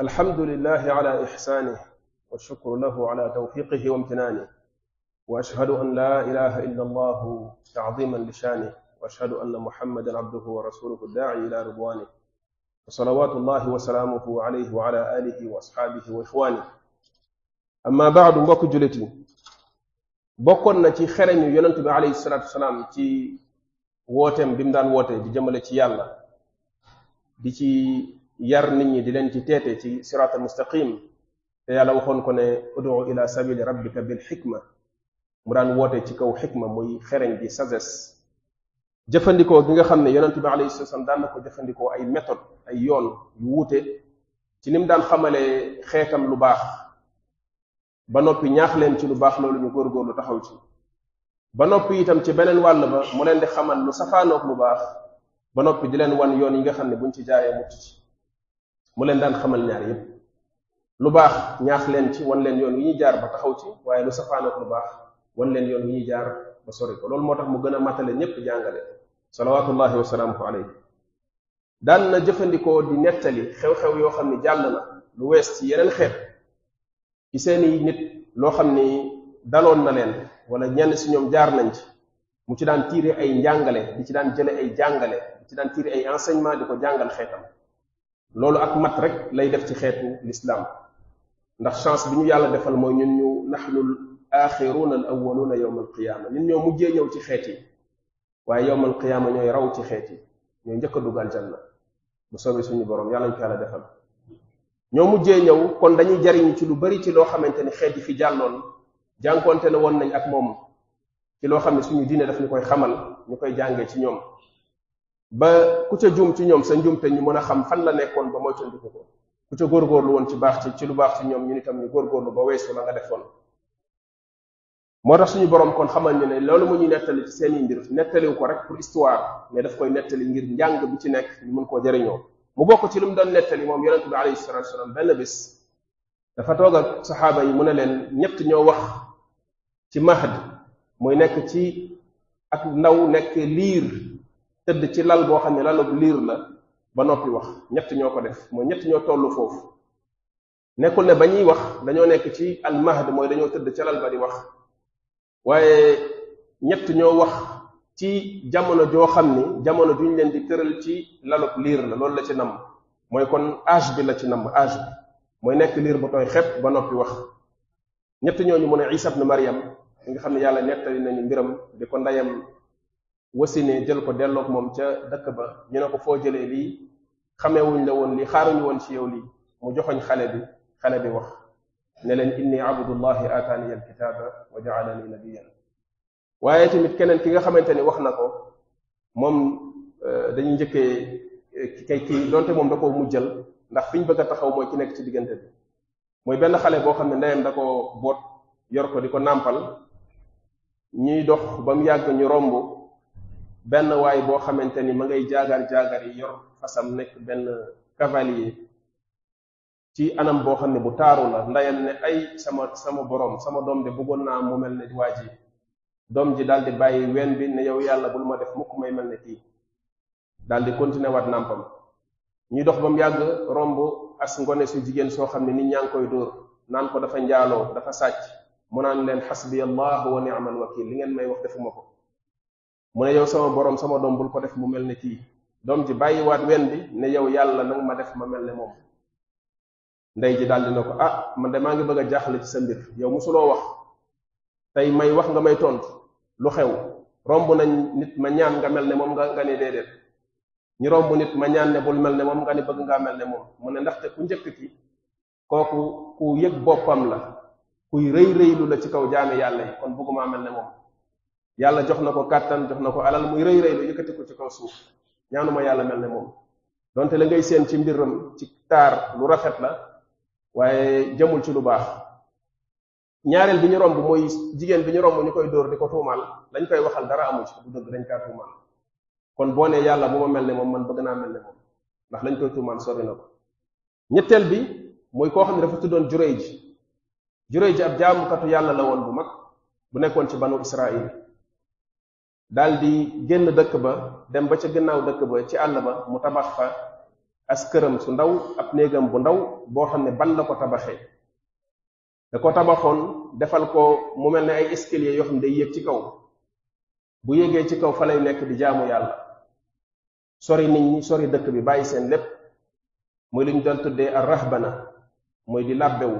الحمد لله على إحسانه والشكر له على توفيقه وامتنانه وأشهد أن لا إله إلا الله تعظيما لشانه وأشهد أن محمدا عبده ورسوله الداعي إلى رضوانه وصلوات الله وسلامه عليه وعلى آله وأصحابه وإخوانه أما بعد بك جلتي yi تي na ci عليه الصلاة والسلام تي alayhi بمدان wasalaam بجملة يالله bi yar nit ñi di leen ci teete ci sirat al mustaqim te yàlla waxoon ko ne udu ila sabili rabbika bil hikma mu daan woote ci kaw hikma muy xereñ bi sages jëfandikoo gi nga xam ne yonent bi alayhi salaam daan na ko jëfandikoo ay méthode ay yoon yu wuute ci nim daan xamalee xeetam lu baax ba noppi ñaax leen ci lu baax loolu ñu góorgóorlu taxaw ci ba noppi itam ci beneen wàll ba mu leen di xamal lu safaanoog lu baax ba noppi di leen wan yoon yi nga xam ne buñ ci jaaree mucc ci mu leen daan xamal ñaar yépp lu baax ñaax leen ci wan leen yoon wi ñuy jaar ba taxaw ci waaye lu safaan ak lu baax wan leen yoon wi ñuy jaar ba sori ko loolu moo tax mu gën a matale ñépp jàngale salawaatullahi wa alayhi daan na jëfandikoo di nettali xew-xew yoo xam ni jàll na lu wees ci yeneen xeet ci nit loo xam ni daloon na leen wala ñenn si ñoom jaar nañ ci mu ci daan tiire ay njàngale di ci daan jële ay jàngale di ci daan tiire ay enseignement di ko jàngal xeetam loolu ak mat rek lay def ci xeetu lislaam ndax chance bi ñu yàlla defal mooy ñun ñu naxnul axiruuna al awwaluuna yowma alqiyaama ñun ñoo mujjee ñëw ci xeet yi waaye yowma alqiyaama ñooy raw ci xeet yi ñooy njëkk a dugg aljanna bu suñu boroom yàlla ñu ko yàlla defal ñoo mujjee ñëw kon dañuy jariñu ci lu bari ci loo xamante ni xeet yi fi jàlloon jànkoonte ne woon nañ ak moom ci loo xam ne suñu diine daf ñu koy xamal ñu koy jàngee ci ñoom ba ku ca juum ci ñoom sa njuumte ñu mën a xam fan la nekkoon ba moytandiku ko ku ca góorgóorlu woon ci baax ci ci lu baax ci ñoom ñun itam ñu góorgóorlu ba weesu la nga defoon moo tax suñu borom kon xamal ñu ne loolu mu ñuy nettali ci seen i nettaliwu ko rek pour histoire mais daf koy nettali ngir njàng bu ci nekk ñu mën koo jariñoo mu bokk ci lu mu doon nettali moom yonent bi alayhi salatu wasalam benn bés dafa toog ak saxaaba yi mu ne leen ñett ñoo wax ci mahad muy nekk ci ak ndaw nekk liir tëdd ci lal boo xam ne lalub liir la ba noppi wax ñett ñoo ko def mooy ñett ñoo tollu foofu nekkul ne ba ñuy wax dañoo nekk ci almahd mooy dañoo tëdd ca lal ba di wax waaye ñett ñoo wax ci jamono joo xam ni jamono juñ leen di tëral ci lalub liir la loolu la ci namm mooy kon âge bi la ci namm âge bi mooy nekk liir bu tooy xepp ba noppi wax ñett ñoo ñooñu mu ne Isa ibn Maryam nga xam ne yàlla nettali nañu mbiram di ko ndeyam wasine jël ko delloog moom ca dëkk ba ñu ne ko foo jëlee lii xamewuñ la woon lii xaaruñu woon ci yow lii mu joxoñ xale bi xale bi wax ne leen inni abdullahi aataani alkitaaba wa jaalani nabiyan waaye tamit keneen ki nga xamante ni wax na ko moom dañuy njëkkee kay ki donte moom da koo mujjal ndax fiñ bëgg a taxaw mooy ki nekk ci diggante bi mooy benn xale boo xam ne ndeyam da koo boot yor ko di ko nàmpal ñuy dox ba mu yàgg ñu romb benn waay boo xamante ni ma ngay jaagar-jaagar yi yor fasam nekk benn cavalier ci anam boo xam ne bu taaru la ndeyam ne ay sama sama boroom sama doom de bëggoon naa mu mel ne waa ji doom ji daal di bàyyi ween bi ne yow yàlla bul ma def mukk may mel ne kii daal di continuer waat nàmpam ñuy dox ba mu yàgg romb as ngone su jigéen soo xam ne nit ñaa ngi koy dóor naan ko dafa njaaloo dafa sàcc mu naan leen xasbi allahu wa ni'mal wakil li ngeen may wax ko mu ne yow sama borom sama doom bul ko def mu mel ne kii doom ji bàyyiwaat wen bi ne yow yàlla nag ma def ma mel ne moom ndey ji daldi na ko ah man de maa ngi bëgg a jaaxle ci sa mbir yow musuloo wax tey may wax nga may tontu lu xew romb nañ nit ma ñaan nga mel ne moom nga ne déedéet ñu romb nit ma ñaan ne bul mel ne moom nga ne bëgg ngaa mel ne moom mu ne ndaxte ku njëkk ki kooku ku yëg boppam la kuy rëy rëylu la ci kaw jaami yàlla yi kon bëggumaa mel ne moom yàlla jox na ko kàttan jox na ko alal muy rëy rëy lu yëkkati ko ci kaw suuf ñaanuma yàlla mel ne moom donte la ngay séen ci mbiram ci taar lu rafet la waaye jëmul ci lu baax ñaareel bi ñu romb mooy jigéen bi ñu romb ñu koy dóor di ko tuumaal lañ koy waxal dara amu ci bu dëgg dañ kaa tuumaal kon boo ne yàlla bu ma mel ne moom man bëgg naa mel ne moom ndax lañ koy tuumaal sori na ko ñetteel bi mooy koo xam ne dafa tuddoon juréy ji juréy ji ab yàlla la bu mag bu nekkoon ci banu Israil daal di génn dëkk ba dem ba ca gannaaw dëkk ba ci àll ba mu tabax fa as këram su ndaw ab néegam bu ndaw boo xam ne ban la ko tabaxee da ko tabaxoon defal ko mu mel ne ay escalier yoo xam ne day yéeg ci kaw bu yéegee ci kaw fa lay nekk di jaamu yàlla sori nit ñi sori dëkk bi bàyyi seen lépp muy lu ñu doon tuddee ar rahbana muy di làbbewu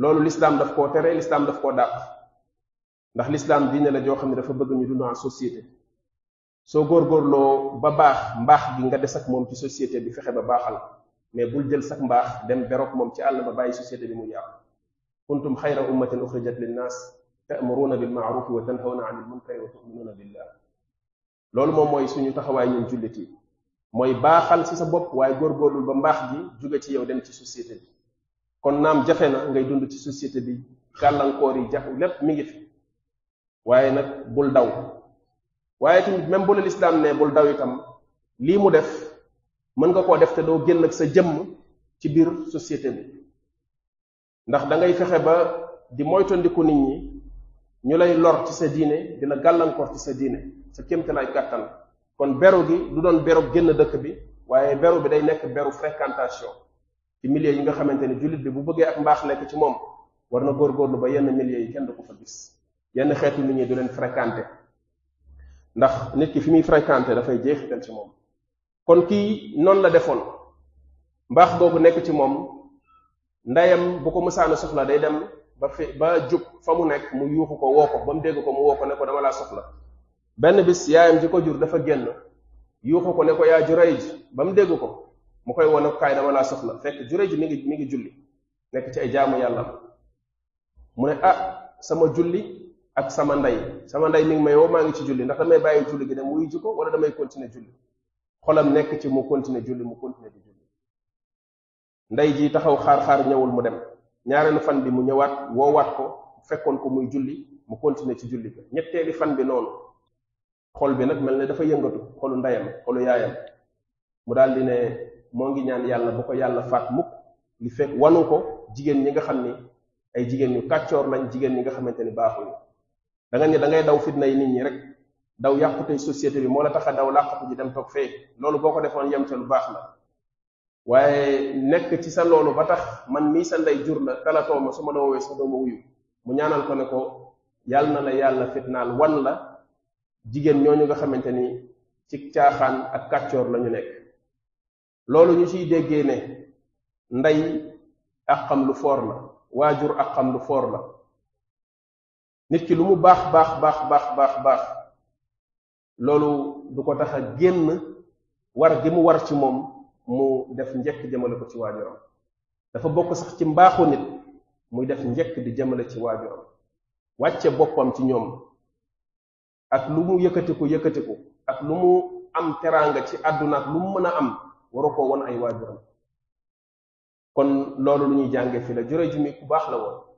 loolu lislaam daf koo tere lislaam daf koo dàq ndax l'islam diine la joo xam ne dafa bëgg ñu dund en société soo góorgóorloo ba baax mbaax gi nga des ak moom ci société bi fexe ba baaxal mais bul jël sax mbaax dem berok moom ci àll ba bàyyi société bi mu yàq kuntum xayra ummatin uxrijat linnaas ta'muruna bil ma'ruf wa tanhawna 'anil munkari wa tu'minuna billah loolu moom mooy suñu taxawaay ñun jullit yi mooy baaxal ci sa bopp waaye góorgóorlul ba mbaax gi jóge ci yow dem ci société bi kon naam jafe na ngay dund ci société bi gàllankoor yi jaxu lépp mi ngi fi waaye nag bul daw waaye tamit même bu la lislaam ne bul daw itam lii mu def mën nga koo def te doo génn ak sa jëmm ci biir société bi ndax dangay fexe ba di moytandiku nit ñi ñu lay lor ci sa diine di la gàllankoor ci sa diine sa kéemtalaay kàttan kon beru gi du doon beru génn dëkk bi waaye beru bi day nekk beru fréquentation ci milieu yi nga xamante ni jullit bi bu bëggee ak mbaax nekk ci moom war na góorgóorlu ba yenn milieu yi kenn du ko fa gis yenn xeetu nit ñi du leen fréquenté ndax nit ki fi muy fréquenté dafay jeexital ci moom kon kii noonu la defoon mbaax googu nekk ci moom ndeyam bu ko mësaana soxla day dem ba fi ba jub fa mu nekk mu yuuxu ko woo ko ba mu dégg ko mu woo ko soxla benn bis yaayam ji ko dafa génn yuuxu ko ne ko yaa ba mu dégg ko mu koy woo ne ko kaay dama laa soxla fekk Jurayj mi ngi mu ngi julli nekk ci ay jaamu yàlla mu ne ah sama julli ak sama ndey sama ndey mi ngi may woo maa ngi ci julli ndax damay bàyyi julli gi dem wuy ji ko wala damay continuer julli xolam nekk ci mu continuer julli mu continuer di julli ndey taxaw xaar ñëwul mu dem ñaareelu fan bi mu ñëwaat woowaat ko fekkoon ko muy mu continuer ci julli ñetteeli fan bi noonu xol bi nag mel ne dafa yëngatu xolu ndeyam xolu yaayam mu daal ne moo ngi ñaan yàlla bu ko yàlla faat mukk ngi fekk wanu ko jigéen ñi nga xam ni ay jigéen ñu kàccoor lañ jigéen ñi nga xamante ni baaxul da nga ne da ngay daw fitna yi nit ñi rek daw yàqutey société bi moo la tax a daw làqatu ji dem toog fee loolu boo ko defoon yem ca lu baax la waaye nekk ci sa loolu ba tax man mii sa ndey jur la talatoo ma su ma la woowee sa dooma wuyu mu ñaanal ko ne ko yàlla na la yàlla fitnaal wan la jigéen ñooñu nga xamante ni ci caaxaan ak kàccoor lañu ñu nekk loolu ñu ciy déggee ne ndey ak xam lu foor la waajur ak xam lu foor la nit ki lu mu baax baax baax baax baax baax loolu du ko tax a génn war gi mu war ci moom mu def njëkk jëmale ko ci waajuram dafa bokk sax ci mbaaxu nit muy def njekk di jëmale ci waajuram wàcce boppam ci ñoom ak lu mu yëkkatiku yëkkatiku ak lu mu am teraanga ci àdduna ak lu mu mën a am waru ko won ay waajuram kon loolu lu ñuy jànge fii la jure ju mi ku baax la woon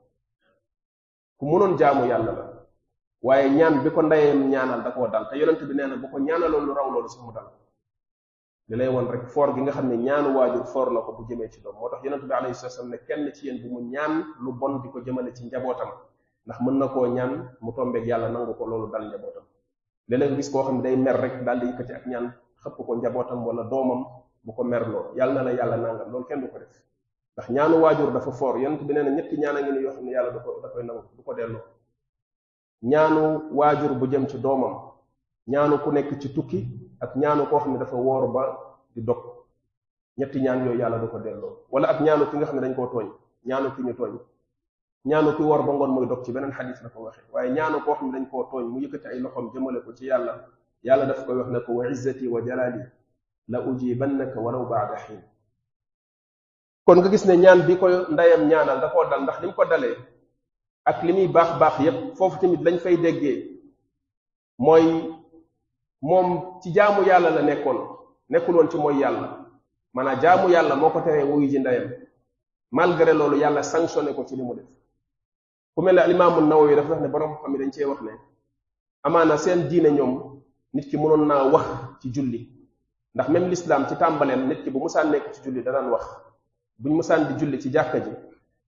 ku mënoon jaamu yàlla la waaye ñaan bi ko ndeyam ñaanal da koo dal te yonent bi nee na bu ko ñaanaloon lu raw loolu sax mu dal li lay won rek foor gi nga xam ne ñaanu waajur foor na ko bu jëmee ci doom moo tax yonent bi alayhi salaam ne kenn ci yéen bu mu ñaan lu bon bi ko jëmale ci njabootam ndax mën na koo ñaan mu tombeeg yàlla nangu ko loolu dal njabootam léeg-léeg gis koo xam ne day mer rek daal di yëkkati ak ñaan xëpp ko njabootam wala doomam bu ko mer loolu yàlla na la yàlla nangam loolu kenn ndax ñaanu waajur dafa for yent bi neena na ñetti ñaan a ngi yo xamni yàlla dafa dafa da nangu du ko delu ñaanu waajur bu jëm ci doomam ñaanu ku nekk ci tukki ak ñaanu ko xamni dafa wor ba di dog ñetti ñaan yo yàlla du ko delloo wala ak ñaanu ki nga xamni dañ ko tooñ ñaanu ki ñu tooñ ñaanu ki wor ba ngon moy dog ci benen hadith la ko waxee waaye ñaanu ko xamni dañ ko tooñ mu yëkëti ay loxom jëmele ko ci yàlla yàlla daf koy wax ne wa izzati wa jalali la ujibannaka walaw ba'da hin kon nga gis ne ñaan bi ko ndeyam ñaanal da koo dal ndax li ko dalee ak li muy baax baax yépp foofu tamit lañ fay déggee mooy moom ci jaamu yàlla la nekkoon nekkul woon ci mooy yàlla maanaam jaamu yàlla moo ko teree wuyu ji ndeyam malgré loolu yàlla sanctionné ko ci li mu def ku mel ne alimaamu yi dafa wax ne borom am yi dañ cee wax ne amaana seen diine ñoom nit ki mënoon naa wax ci julli ndax même l'islam ci tàmbaleem nit ki bu musaan nekk ci julli danaan wax buñ mësaan di julli ci jàkka ji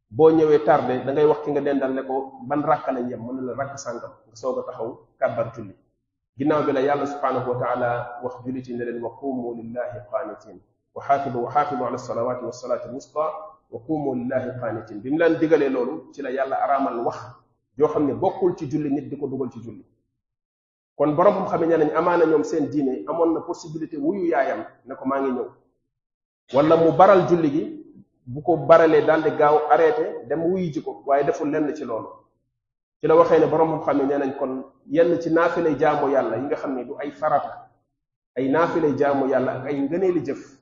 boo ñëwee tardé da ngay wax ki nga dendal ne ko ban rakk lañ yem mën na la rakk sàngam nga soog a taxaw kàbbar julli ginnaaw bi la yàlla subhaanahu wa taala wax julliti ne leen wa qumu lillahi qaanitin wa xaafidu wa xaafidu ala salawaati wa salaati alwusta wa qumu lillahi qaanitin bi mu laan digalee loolu ci la yàlla araamal wax yoo xam ne bokkul ci julli nit di ko dugal ci julli kon borom xam xamee ne nañ amaana ñoom seen diine amoon na possibilité wuyu yaayam ne ko maa ngi ñëw wala mu baral bu ko baralee daal di gaaw arrêté dem wuy ji ko waaye deful lenn ci loolu ci la waxee ne borom xam-xam yi nee nañ kon yenn ci lay jaamu yàlla yi nga xam ne du ay farata ay lay jaamu yàlla ak ay ngëneeli jëf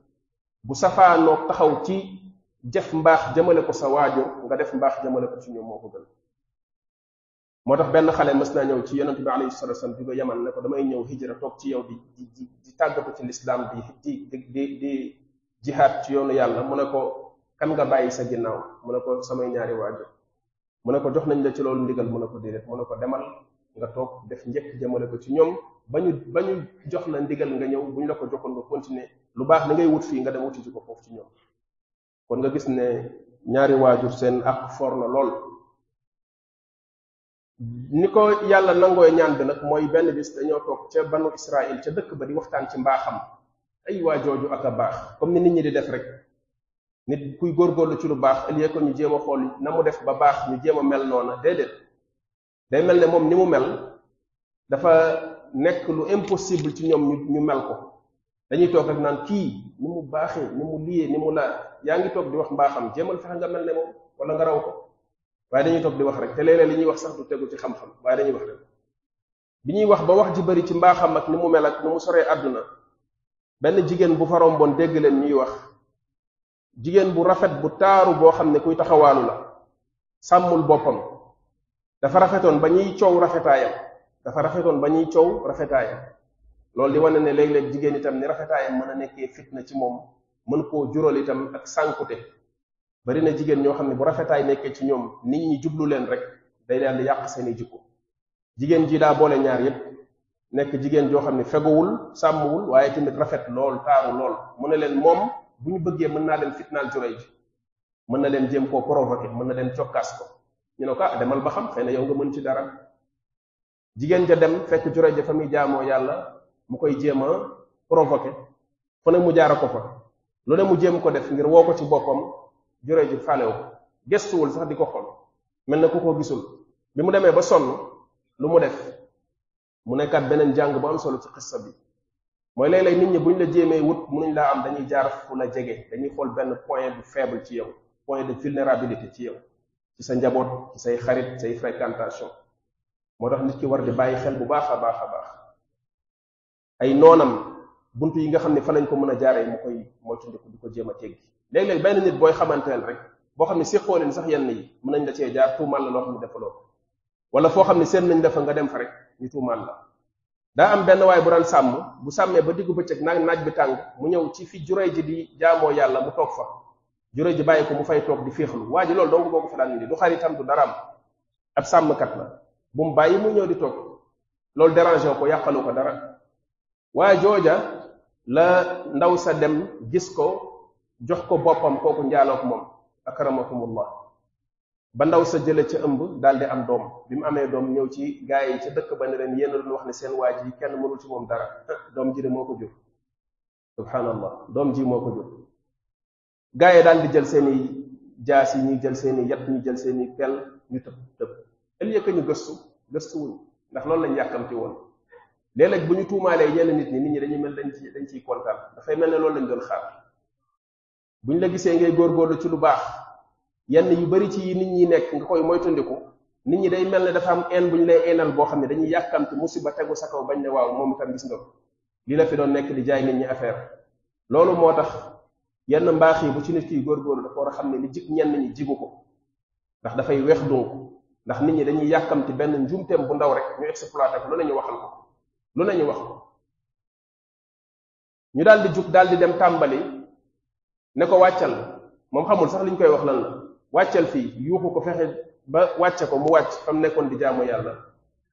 bu safaanoog taxaw ci jëf mbaax jëmale ko sa waajur nga def mbaax jëmale ko ci moo ko gën moo tax naa ñëw ci yonent bi alayhi salatu wasallam di ko yaman ne ko ñëw hijra toog ci yow di di di tàggatu ci lislaam di di di di jihaad ci yoonu yàlla mu ne ko kan nga bàyyi sa ginnaaw mu ne ko samay ñaari waajur mu ne ko jox nañ la ci loolu ndigal mu ne ko déedéet mu a ko demal nga toog def njëkk jëmale ko ci ñoom ba ñu ba ñu jox la ndigal nga ñëw bu ñu la ko joxoon nga continuer lu baax li ngay wut fii nga dem wuti ci ko foofu ci ñoom kon nga gis ne ñaari waajur seen ak foor la lool ni ko yàlla nangooy ñaan bi nag mooy benn bis dañoo toog ca banu Israël ca dëkk ba di waxtaan ci mbaaxam ay waajooju ak a baax comme ni nit ñi di def rek nit kuy góor góorlu ci lu baax ëllëgee ko ñu jéem a xool na mu def ba baax ñu jéem a mel noona déedéet day mel ne moom ni mu mel dafa nekk lu impossible ci ñoom ñu mel ko dañuy toog rek naan kii ni mu baaxee ni mu liyee ni mu laa yaa ngi toog di wax mbaaxam jéemal fexe nga mel ne moom wala nga raw ko waaye dañuy toog di wax rek te léeg li ñuy wax sax du tegu ci xam-xam waaye dañuy wax rek bi ñuy wax ba wax ji bari ci mbaaxam ak ni mu mel ak ni soree àdduna benn jigéen bu fa dégg leen ñuy wax jigéen bu rafet bu taaru boo xam ne kuy taxawaanu la sàmmul boppam dafa rafetoon ba ñuy coow rafetaayam dafa rafetoon ba ñuy coow rafetaayam loolu di wane ne léeg-léeg jigéen itam ni rafetaayam mën a nekkee fitna ci moom mën koo jural itam ak sànkute bari na jigéen ñoo xam ne bu rafetaay nekkee ci ñoom nit ñi jublu leen rek day daal di yàq seeni jikko jigéen ji daa boole ñaar yépp nekk jigéen joo xam ne feguwul sàmmuwul waaye tamit rafet lool taaru ne leen moom bu ñu bëggee mën naa leen fitnaal Jurayj mën na leen jéem koo provoqué mën na leen cokkaas ñu ne ko ah, demal ba xam xëy na yow nga mën ci dara jigéen ja dem fekk Jurayj ja fa muy jaamoo yàlla mu koy jéem a provoqué fu mu jaara ko fa lu ne mu ko def ngir woo ko ci boppam Jurayj ji faalew ko gestuwul sax di ko xool na ku ko gisul bi mu demee ba sonn lu mu def mu nekkaat beneen jàng bu am solo ci xissa bi mooy léeg-léeg nit ñi bu buñ la jéemee wut mënuñ laa am dañuy jaar fu la jege dañuy xool benn point bu faible ci yow point du vulnérabilité ci yow ci sa njaboot ci say xarit say fréquentation moo tax nit ki war di bàyyi xel bu baax a baax a baax ay noonam bunt yi nga xam ne fa lañ ko mën a jaaree mu koy moytandiku di ko jéem a teggi léeg-léeg benn nit booy xamanteel rek boo xam ne si xooleen sax yenn yi mën nañ la cee jaar tuumaal la loo xam defaloo wala foo xam ne seen nañ dafa nga dem fa ñu tuumaal la daa am benn waay bu daan sàmm bu sàmmee ba diggu bëccëg nag naaj bi tàng mu ñëw ci fi juree ji di jaamoo yàlla mu toog fa juree ji bàyyi ko mu fay toog di féexlu waa ji loolu doo boo ko fa daan indi du xaritam du daraam ab sàmmkat la bu mu bàyyi mu ñëw di toog loolu dérangé ko yàqalu ko dara waa jooja la ndaw sa dem gis ko jox ko boppam kooku njaaloog moom akramakumullah ba ndaw sa jële ca ëmb daal di am doom bi mu amee doom ñëw ci gaa yi ca dëkk ba ne leen yéen a doon wax ne seen waa ji kenn mënul ci moom dara ah, doom ji de moo ko jur subhanallah doom ji moo ko jur gaa yi daal di jël seeni jaas yi ñuy jël seeni yat ñu jël seeni pel ñu tëb tëb ëllëg ñu gëstu gëstuwul ndax loolu lañ yàkkamti woon léeg-léeg bu ñu tuumaalee yenn nit ñi nit ñi dañuy mel dañ ci dañ ciy kontaan dafay mel ne loolu lañ doon xaar bu ñu la gisee ngay góorgóorlu ci lu baax yenn yu bari ci nit ñi nekk nga koy moytandiku nit ñi day mel ne dafa am en bu ñu lay enal boo xam ne dañuy yàkkamti musiba tegu sa kaw bañ ne waaw moom itam gis nga li la fi doon nekk di jaay nit ñi affaire loolu moo tax yenn mbaax yi bu ci nit kiy góorgóorlu war a xam ne li jig ñenn ñi jigu ko ndax dafay weex donc ndax nit ñi dañuy yàkkamti benn njumteem bu ndaw rek ñu exploité ko lu ne ñu waxal ko lu ne di jug daal di dem tàmbali ne ko wàccal moom xamul sax koy wax lan la wàccal fii yuuxu ko fexe ba wàcce ko mu wàcc fam nekkoon di jaamu yàlla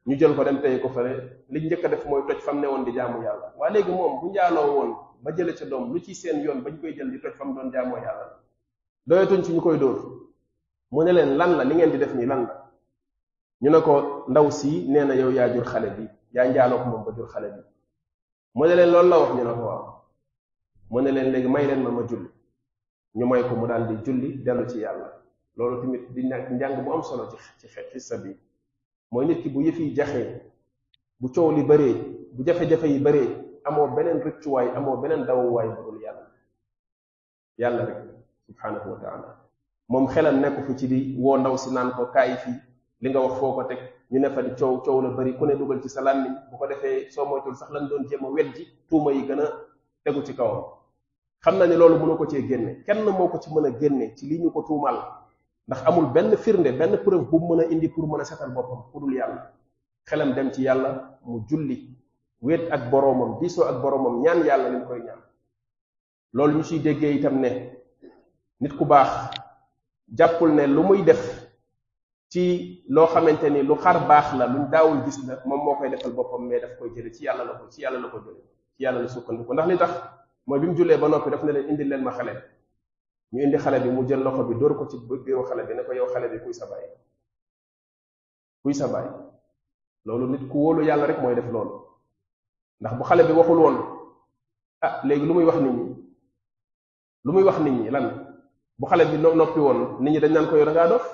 ñu jël ko dem tey ko fële li njëkk a def mooy toj fam newoon di jaamu yàlla waa léegi moom bu njaaloo woon ba jële ca doom lu ci seen yoon bañ koy jël di toj fam doon jaamoo yàlla doyatuñ ci ñu koy dóor mu ne leen lan la li ngeen di def nii lan la ñu ne ko ndaw sii nee na yow yaa jur xale bi yaa njaaloo ko moom ba jur xale bi mu ne leen loolu la wax ñu ne ko waaw mu ne leen léegi may leen ma ma julli ñu may ko mu daal di julli dellu ci yàlla loolu tamit di nekk njàng bu am solo ci ci xissa bi mooy nit ki bu yëf yi jaxee bu coow li baree bu jafe-jafe yi bëree amoo beneen rëccuwaay amoo beneen dawuwaay bu dul yàlla yàlla rek subhaanahu wa taala moom xelam nekku fi ci di woo ndaw si naan ko kaay fii li nga wax foo ko teg ñu ne fa di coow coow la bari ku ne dugal ci salaan làmmiñ bu ko defee soo moytul sax lañu doon jéem a wet ji tuuma yi gën a tegu ci kawam xam naa ne loolu mun mënu ko cee génne kenn moo ko ci mën a génne ci li ñu ko tuumal ndax amul benn firnde benn preuve bu mën a indi pour mën a setal boppam ku dul yàlla xelam dem ci yàlla mu julli wet ak boromam diisoo ak boromam ñaan yàlla lim koy ñaan loolu ñu ciy déggee itam ne nit ku baax jàppul ne lu muy def ci loo xamante ni lu xar baax la lu daawul gis la moom moo koy defal boppam mais daf koy jële ci yàlla la ko ci yàlla la ko jële ci yàlla la sukkandiku ndax li tax mooy bi mu jullee ba noppi daf ne leen indil leen ma xale ñu indi xale bi mu jël loxo bi dóor ko ci biiru xale bi ne ko yow xale bi kuy sa baay kuy sa baay loolu nit ku wóolu yàlla rek mooy def loolu ndax bu xale bi waxul woon ah léegi lu muy wax nit ñi lu muy wax nit ñi lan bu xale bi noppi woon nit ñi dañ naan ko yow da dof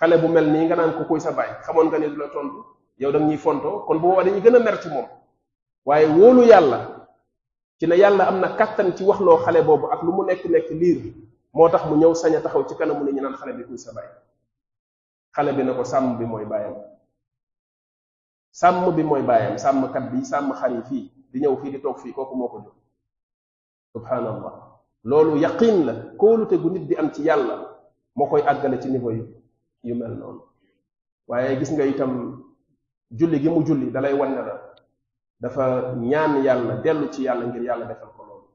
xale bu mel nii nga naan ko kuy sa baay xamoon nga ni du la tontu yow da ñuy fontoo kon bu boobaa dañuy gën a mer ci moom waaye wóolu yàlla ci ne yàlla am na kàttan ci wax loo xale boobu ak lu mu nekk nekk liir moo tax mu ñëw sañ a taxaw ci kanamu ne ñu naan xale bi kuy sa baay xale bi na ko sàmm bi mooy baayam sàmm bi mooy baayam sàmmkat bi sàmm xar fii di ñëw fii di toog fii kooku moo ko jur subhanallah loolu yaqin la kóolute gu nit di am ci yàlla moo koy àggale ci niveau yu yu mel noonu waaye gis nga itam julli gi mu julli dalay wan la dafa ñaan yàlla dellu ci yàlla ngir yàlla defal ko loolu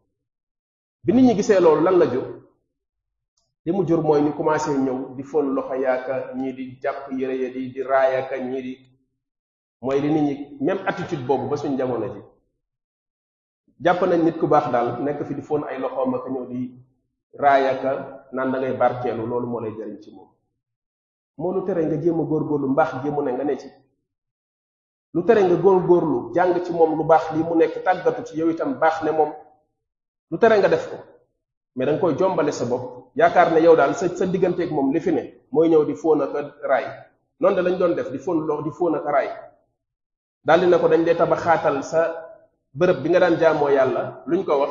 bi nit ñi gisee loolu lan la jur li mu jur mooy ñu commencé ñëw di fon loxo yaaka ñii di jàpp yére ya di di raayaka ñii di mooy li nit ñi même attitude boobu ba suñ jamono ji jàpp nañ nit ku baax daal nekk fi di fon ay loxoom ak ñëw di raayaka naan da ngay barkeelu loolu moo lay jariñ ci moom moo lu tere nga jéem a góorgóorlu mbaax jéemu ne nga ne ci lu tere nga góorgóorlu jàng ci moom lu baax lii mu nekk tàggatu ci yow itam baax ne moom lu tere nga def ko mais da koy jombale sa bopp yaakaar na yow daal sa sa digganteeg moom li fi ne mooy ñëw di fóon ak raay noonu da lañ doon def di fóon lox di fóon ak raay daal di na ko dañ dee tabaxaatal sa bërëb bi nga daan jaamoo yàlla luñ ko wax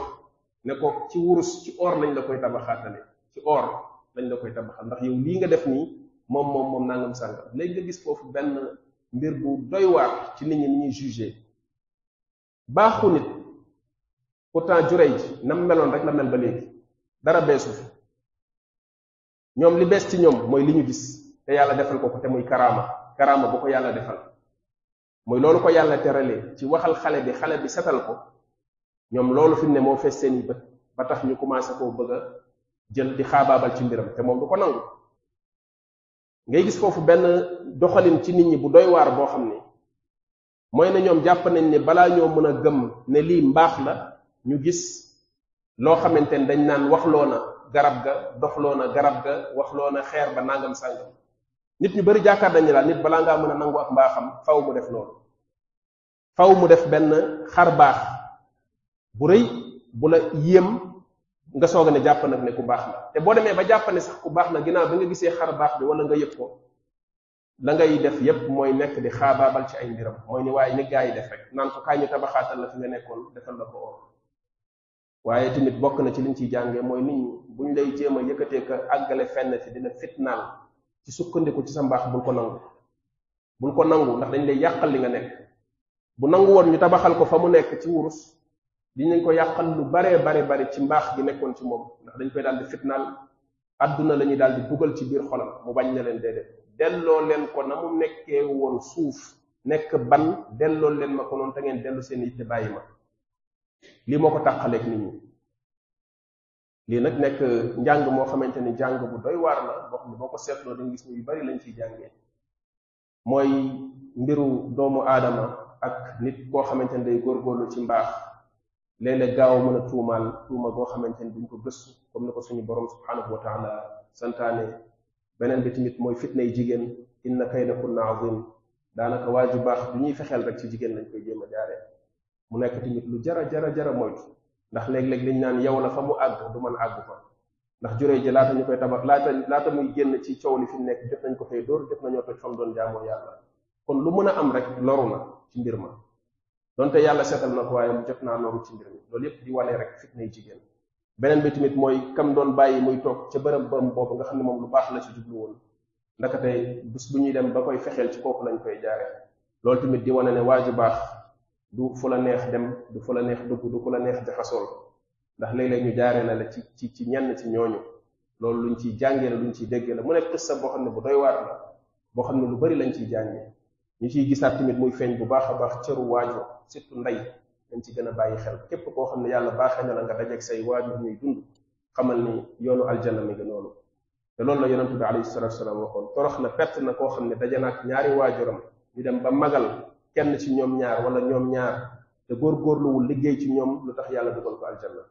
ne ko ci wurus ci or lañ la koy tabaxaatale ci or lañ la koy tabaxal ndax yow lii nga def nii moom moom moom nangam sàngam léegi nga gis foofu benn mbir bu doy waar ci nit ñi ni ñuy jugé baaxu nit pourtant Jurayj nam meloon rek la mel ba léegi dara beesu fi ñoom li bees ci ñoom mooy li ñu gis te yàlla defal ko ko te muy karaama karaama bu ko yàlla defal mooy loolu ko yàlla terale ci waxal xale bi xale bi setal ko ñoom loolu fi mu ne moo fees seen i bët ba tax ñu commencé koo bëgg a jël di xaabaabal ci mbiram te moom du ko nangu ngay gis foofu benn doxalin ci nit ñi bu doy waar boo xam ne mooy ne ñoom jàpp nañ ne balaa ñoo mën a gëm ne lii mbaax la ñu gis loo xamante ni dañ naan waxloo na garab ga doxloo na garab ga waxloo na xeer ba nangam sàngam nit ñu bari jàkkaar dañu la nit balaa ngaa mën a nangu ak mbaaxam faw mu def loolu faw mu def benn xar baax bu rëy bu la yéem nga soog a ne jàpp nag ne ku baax la te boo demee ba jàpp ne sax ku baax la ginnaaw bi nga gisee xar baax bi wala nga yëpp ko la ngay def yépp mooy nekk di xaabaabal ci ay mbiram mooy ni waaye ni gaa yi def rek naan ko kaay ñu tabaxaatal la fi nga nekkoon defal la ko waaye tamit bokk na ci liñ ciy jàngee mooy nit ñi buñ lay jéem a yëkkatee ka àggale fenn fi dina fitnaal ci sukkandiku ci sa mbaax bul ko nangu bul ko nangu ndax dañ lay yàqal li nga nekk bu nangu woon ñu tabaxal ko fa mu nekk ci wurus dinañ ko yàqal lu baree bare bari ci mbaax gi nekkoon ci moom ndax dañ koy daal di fitnaal àdduna la ñuy daal di dugal ci biir xolam mu bañ na leen déedéet delloo leen ko na mu nekkee woon suuf nekk ban delloo leen ma ko te ngeen dellu seen yitte bàyyi lii moo ko tàqaleeg nit ñi nag nekk njàng moo xamante ni jàng bu doy waar la boo ko seetloo dañ gis ni yu bari lañ ci jàngee mooy mbiru doomu aadama ak nit koo xamante ni day góorlu ci mbaax léeg-léeg gaaw a mën a tuumaal tuuma goo xamante ni duñ ko gëstu comme ni ko suñu borom subhanahu wa santaane beneen bi tamit mooy fitnay jigéen inna kaydakunna azim daanaka waaju baax du ñuy fexeel rek ci jigéen lañ koy jéem a jaaree mu nekk tamit lu jara jara jara moytu ndax léeg-léeg liñ naan yow la fa mu àgg du mën àgg ko ndax juree ji laata ñu koy tabax laata laata muy génn ci coow li fi nekk jot nañ ko fay dóor jot nañoo toj fam doon jaamoo yàlla kon lu mën a am rek loru na ci mbir ma donte yàlla seetal na ko waaye mu jot naa loru ci mbir mi loolu yépp di wane rek fitna yi jigéen beneen bi tamit mooy kam doon bàyyi muy toog ca bërëm bërëm boobu nga xam ne moom lu baax la ci jublu woon ndaka te bés bu ñuy dem ba koy fexeel ci kooku lañ koy jaaree loolu tamit ne waa ju baax du fu la neex dem du fu la neex dugg du ku la neex jaxasool ndax léeg-léeg ñu jaaree na la ci ci ci ñenn ci ñooñu loolu luñ ciy jàngee la luñ ciy déggee la mu nekk xissa boo xam ne bu doy waar la boo xam ne lu bari lañ ciy jàngee ñu ciy gisaat tamit muy feeñ bu baax a baax cëru waajur surtout ndey dañ ci gën a bàyyi xel képp koo xam ne yàlla baaxee na la nga dajeeg say waajur ñuy dund xamal ni yoonu aljanna mi ngi noonu te loolu la yonent bi alayhi salatu wasalaam waxoon torox na perte na koo xam ne daje na ak ñaari waajuram ñu dem ba magal kenn ci ñoom ñaar wala ñoom ñaar te góorgóorluwul liggéey ci ñoom lu tax yàlla dugal ko aljanna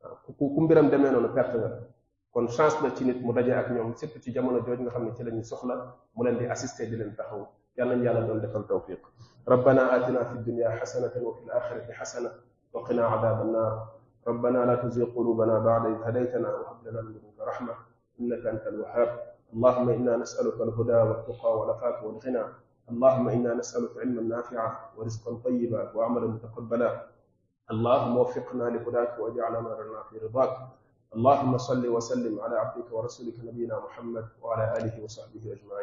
waaw ku ku mbiram demee noonu perte nga kon chance la ci nit mu daje ak ñoom surtout ci jamono jooj nga xam ne ci lañuy soxla mu leen di assister di leen taxaw yàlla ñu yàlla doon defal tawfiq ربنا آتنا في الدنيا حسنة وفي الآخرة حسنة وقنا عذاب النار ربنا لا تزغ قلوبنا بعد إذ هديتنا وهب لنا من لدنك رحمة إنك أنت الوهاب اللهم إنا نسألك الهدى والتقى والعفاف والغنى اللهم إنا نسألك علما نافعا ورزقا طيبا وعملا متقبلا اللهم وفقنا لهداك واجعلنا مرنا في رضاك اللهم صل وسلم على عبدك ورسولك نبينا محمد وعلى آله وصحبه أجمعين